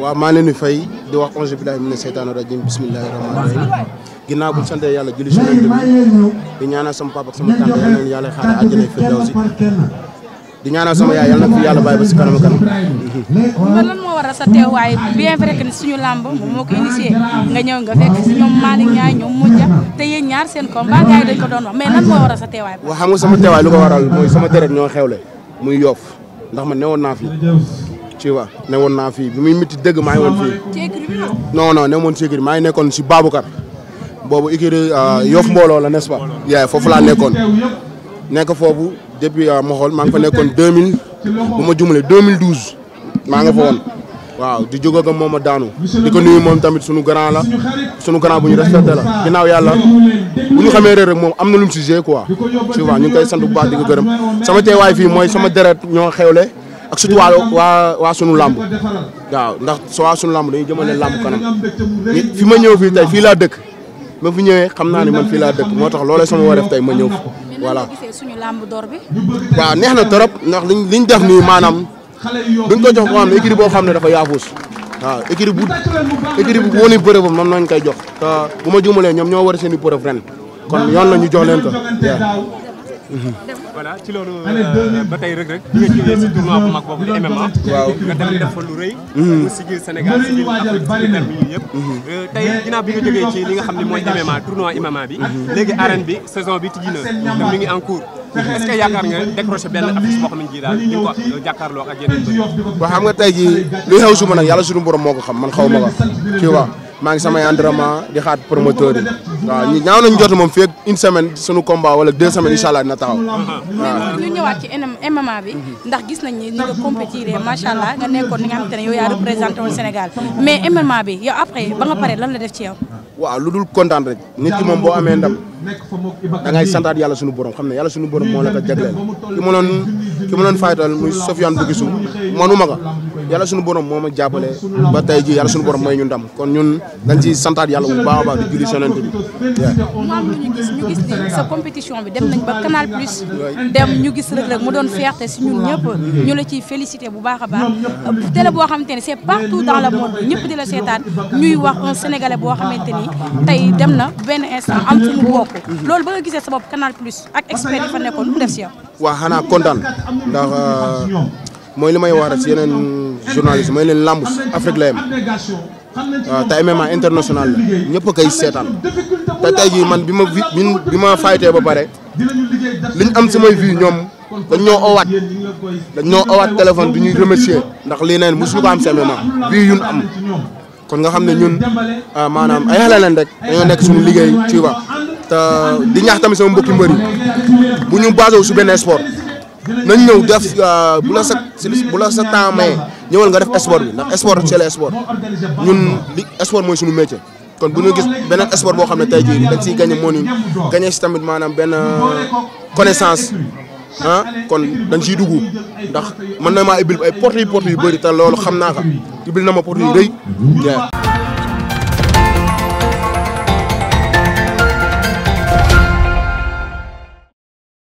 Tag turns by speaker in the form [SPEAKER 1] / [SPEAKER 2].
[SPEAKER 1] wa maa leen fay di wax onge billahi minna shaytanir rajim bismillahir rahmanir rahim ginaa bu sante yalla julli ci yonent di ñaanal sama papa sama tante ñu yalla yàlla xaare fi dawsi di ñaanal sama yaay yalla fi yalla baye ba ci kanam kanam.
[SPEAKER 2] ma lan mo wara sa teewaay bien vrai que ni suñu lamb mo moko initier nga ñew nga fekk ci ñom malik ñaay ñom Modja te yéen ñaar seen combat gaay dañ ko doon wax mais lan mo wara sa teewaay. wa xam nga sama teewaay lu ko waral moy sama
[SPEAKER 1] deret ño xewle muy yof ndax man neewon na fi. tu vois ne woon naa fii bi muy miti dëgg maa ngi woon fii. non non ne woon ci écurie maa ngi nekkoon si Babacar boobu écurie euh, Yoff Mbooloo la n'est-ce pas. yaa foofu laa nekkoon nekk foofu depuis euh, ma xool maa ngi fa nekkoon 2000 bu ma jumalee 2012 maa nga fa woon. waaw di jóg ak moom a daanu di ko nuyu moom tamit sunu grand la sunu grand bu ñu respecté la ginnaaw yàlla bu xamee réer moom am na lu mu si quoi souvent ñu ngi koy sant bu baax di ko gërëm sama teewaay fii mooy sama deret ñoo xewle. ak surtout waa waa waa sunu làmb waaw ndax soo waa sunu làmb dañuy jëmale làmb kanam fi ma ñëw fii tey fii laa dëkk ma fi ñëwee xam naa ne man fii laa dëkk moo tax loolee sama wareef tey ma ñëw fi
[SPEAKER 2] voilà waaw neex na trop
[SPEAKER 1] ndax liñ liñ def ni maanaam
[SPEAKER 2] duñ ko jox ko xam ne écurie
[SPEAKER 1] boo xam ne dafa yaafus waaw écurie bu écurie bu wóolu bërëbam moom nañ koy jox bu ma jumalee ñoom ñoo war seen i bërëb ren kon yoon la ñu jox leen ko
[SPEAKER 2] voilà ci loolu euh, ba
[SPEAKER 1] tey rek rek di nga jógee si tournoi bu mag boobu di MMA. waaw nga dem def lu rëy.
[SPEAKER 2] Mhm. si biir Sénégal si biir yëpp. Mhm. Euh, tey ginnaaw bi nga jógee li nga xam ne mooy MMA tournoi
[SPEAKER 1] MMA bi. léegi arène bi saison bi tijji ngi en cours. est-ce nga décroché benn affiche boo xam ji daal di ko euh, jàkkaarloo ak yeneen bëri. waaw xam nga tey jii li yàlla suñu borom moo ko xam man xaw ma ko maa ngi sama entraînement di xaat promoteur yi waaw ñu ñaaw nañ jot moom fii ak une semaine suñu combat wala deux semaines incha allah dina taxaw waaw. ñu
[SPEAKER 2] ñëwaat ci MMA bi ndax gis nañ ni nga compétir macha allah nga nekkoon ni nga xamante ne yow yaa représenté woon Sénégal mais MMA bi yow après ba nga pare lan la def ci yow.
[SPEAKER 1] waaw lu dul kontaan rek nit ki moom boo amee ndam. da ngay santaat yàlla suñu borom xam ne yàlla suñu borom moo la ko jagleel ki ma doon ki ma doon faytal muy Sofiane Bugisu manuma ko yàlla moo ñu ndam kon ñun dañ ci bu baax a baax di julli sonent bi
[SPEAKER 2] mu am lu ñu gis ñu gis ni sa compétition bi dem nañ ba Canal Plus dem ñu si bu baax a baax boo xamante ni c'est partout dans le monde ñëpp di la seetaan ñuy wax un sénégalais na benn instant am fu mu bokk ko loolu ba nga gisee sa bopp Plus ak expert fa nekkoon lu def si yow
[SPEAKER 1] xanaa kontaan ndax euh, mooy li may wax rek si yeneen journaliste mooy leen làmbus Afrique la
[SPEAKER 2] yem
[SPEAKER 1] waaw international la ñëpp a koy seetaan te tey jii man bi ma bi ma faytee ba pare li ñu am samay vie ñoom dañ ñoo owaat dañ ñoo owat téléphone du ñuy remercier ndax lii neen mosuñu ko am si MMA bii am kon nga xam ne ñun euh, maanaam ay xale lañ rek dañoo nekk suñu liggéey ci te di ñaax tamit sama mbokki mbër yi bu ñu basé su benn sport nañ ñëw def euh, bu la sa bu la sa temps ñëwal nga def sport bi ndax esport c'est le sport ñun li sport mooy suñu métier. kon bu ñu gis benn sport boo xam ne tey jii dañ siy gagné moo ni gagné si tamit maanaam benn connaissance ah kon dañ siy dugg ndax mën na maa ibbil ay porte yu porte yu bëri te loolu xam naa ko ibbil na ma porte yu rëy